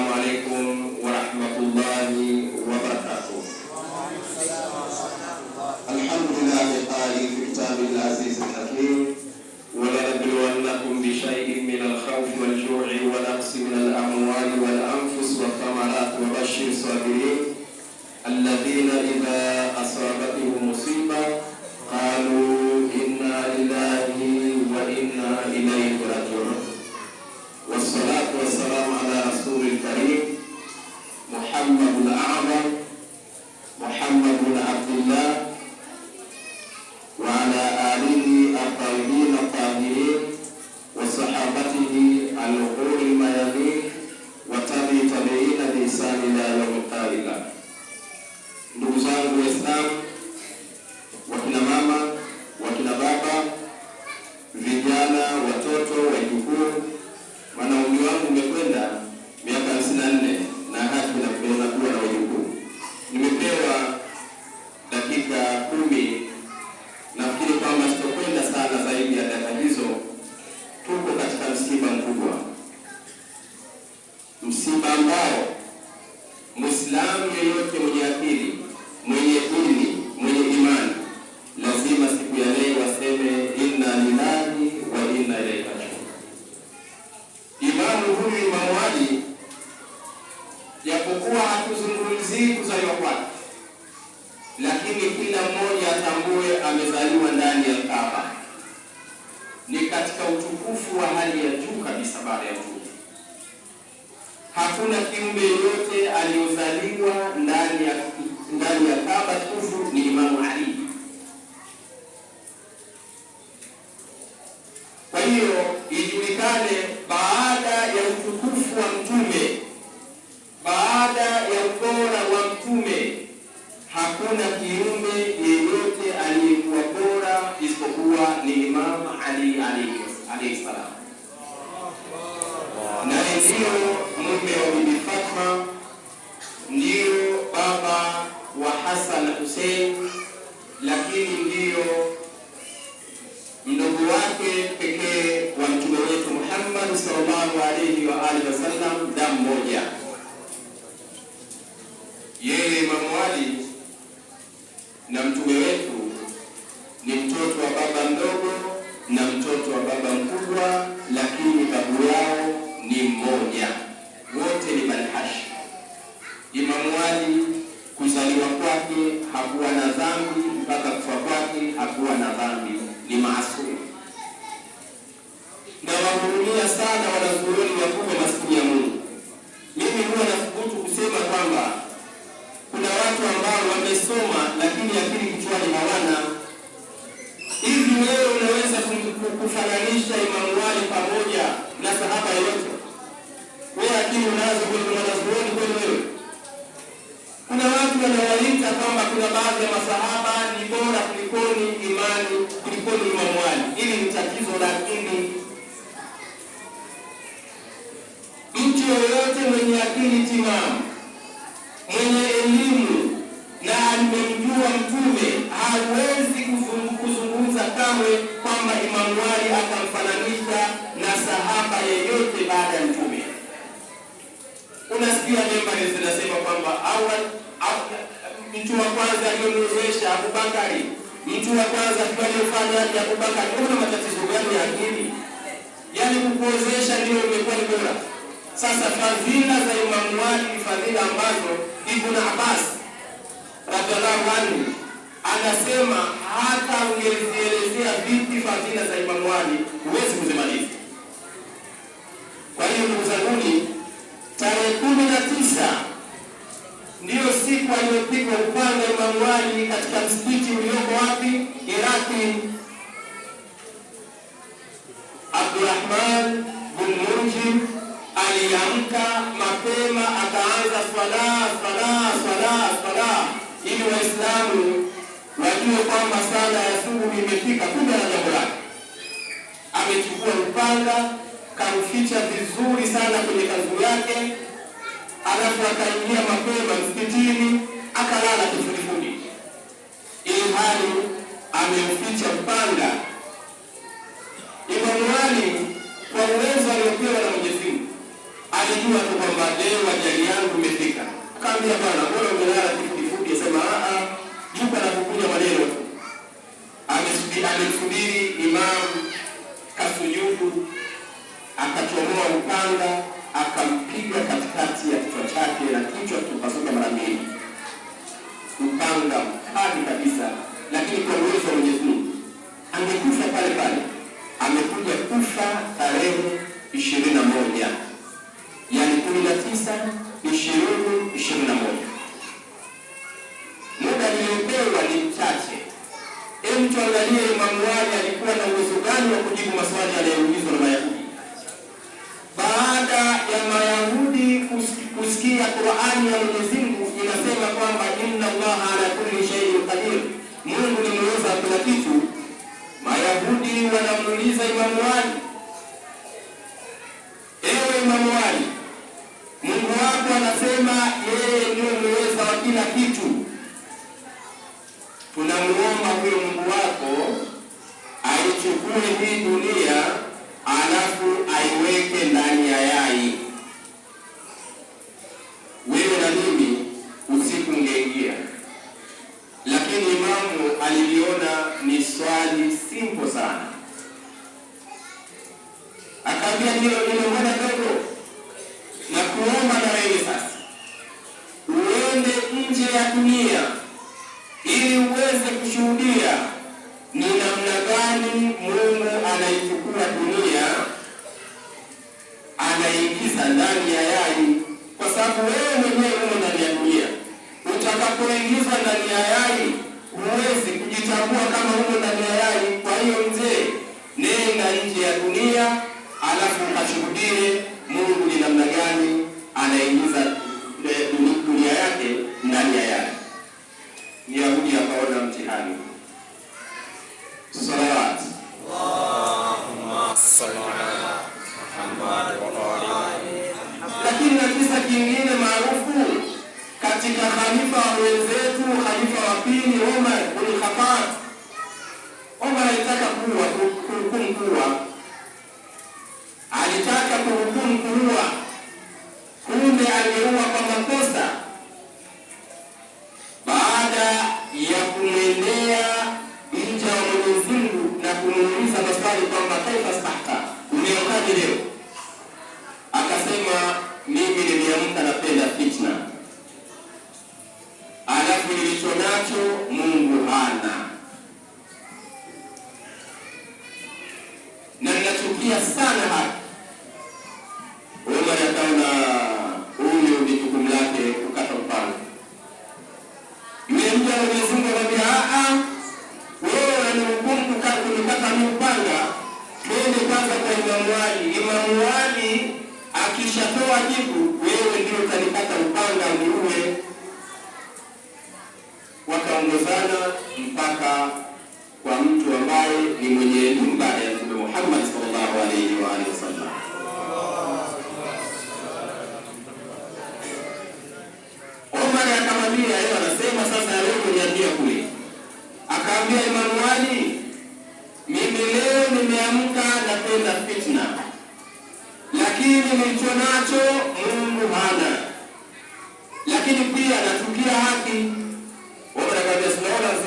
Assalamu alaikum. alayhi salam, na ndiyo mume wa Bibi Fatma, ndiyo baba wa Hassan na Hussein, lakini ndiyo mdogo wake pekee wa mtume wetu Muhammad sallallahu alayhi wa alihi wasallam, damu moja. Yeye Imamu Ali na mtume wetu dhambi mpaka kufa kwake hakuwa na dhambi, ni maasum. Nawahurulia sana wanazuoni kuna baadhi ya masahaba ni bora kulikoni imani kulikoni Imamu Ali. Hili ni tatizo la akili. Mtu yoyote mwenye akili timamu, mwenye elimu na amemjua Mtume hawezi kuzungumza kamwe kwamba Imamu Ali akamfananisha na sahaba yeyote baada ya Mtume. Unasikia membari zinasema kwamba awali mtu wa kwanza aliyemwezesha Abubakari, mtu wa kwanza aliyefanya ya Abubakari. Kuna matatizo gani ya akili? Yaani kukuozesha ndio imekuwa ni bora. Sasa fadhila za Imam Ali ni fadhila ambazo Ibn Abbas radhiallahu anhu anasema hata ungezielezea vipi fadhila za Imam Ali huwezi kuzimaliza. Kwa hiyo ndugu zanguni, tarehe kumi na siku iliyopigwa upande mauaji katika msikiti ulioko wapi Iraki, Abdurahman bin Munjim aliamka mapema akaanza swala swala swala swala, ili Waislamu wajue kwamba sala ya subuhi imefika. Kumbe na jambo lake, amechukua upanga kamficha vizuri sana kwenye kanzu yake alafu akaingia mapema msikitini akalala kifudifudi, ili hali ameficha upanga. Imamu Ali kwa uwezo aliopewa na Mwenyezi Mungu alijua tu kwamba leo ajali yangu imefika. Kaambia, bwana, mbona umelala kifudifudi? Asema aa, ah, ah, jupa la kukuja maneno tu. Amemsubiri imamu kasujudu, akachomoa upanga akampiga kati na kichwa kipasuka mara mbili, kupanga hadi kabisa kusikia Qur'ani ya Mwenyezi Mungu inasema kwamba inna Allaha ala kulli shay'in qadir, Mungu ni mweza wa kila kitu. Mayahudi wanamuuliza Imam Ali, ewe Imam Ali, Mungu wako anasema yeye ndiye mweza wa kila kitu, tunamuomba huyo Mungu wako aichukue hii dunia Thank you. khalifa wa mwenzetu, khalifa wa pili Omar bin Khattab. Omar alitaka kuua kuhukumu kuua, alitaka kuhukumu kuua, kumbe aliua alipoingia kule, akaambia Emanueli, mimi leo nimeamka napenda fitna, lakini nilicho nacho Mungu hana, lakini pia natukia haki.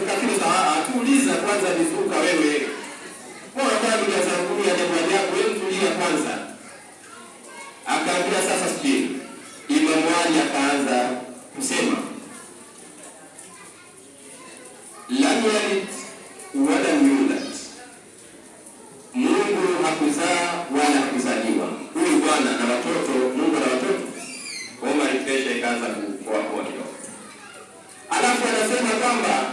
Akaambia tuuliza kwanza, nizuka wewe, bora kwanza, ya jambo lako, wewe tulia kwanza anasema kwamba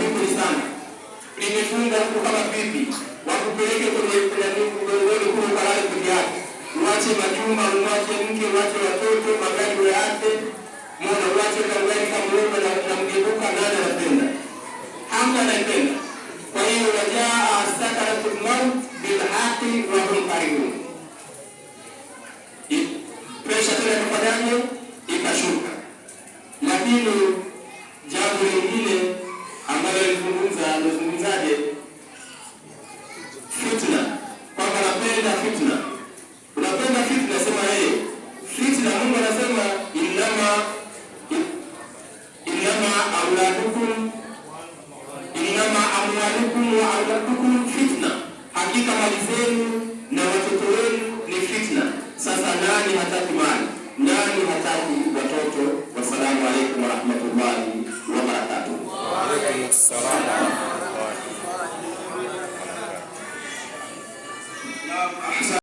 vizuri sana, limefunga mtu kama vipi, wakupeleke kwenye kule kalali peke yake, uache majumba, uache mke, uache watoto, magari yake mona, uache kangari kamlomba na mgebuka, nani anapenda? Hamna anayependa. Kwa hiyo wajaa ah, sakaratul maut bil haqi presha tena ikafanyaje? Ikashuka, lakini Hakika mali zenu na watoto wenu ni fitna. Sasa nani hataki mali? Nani hataki watoto? Wassalamu alaikum warahmatullahi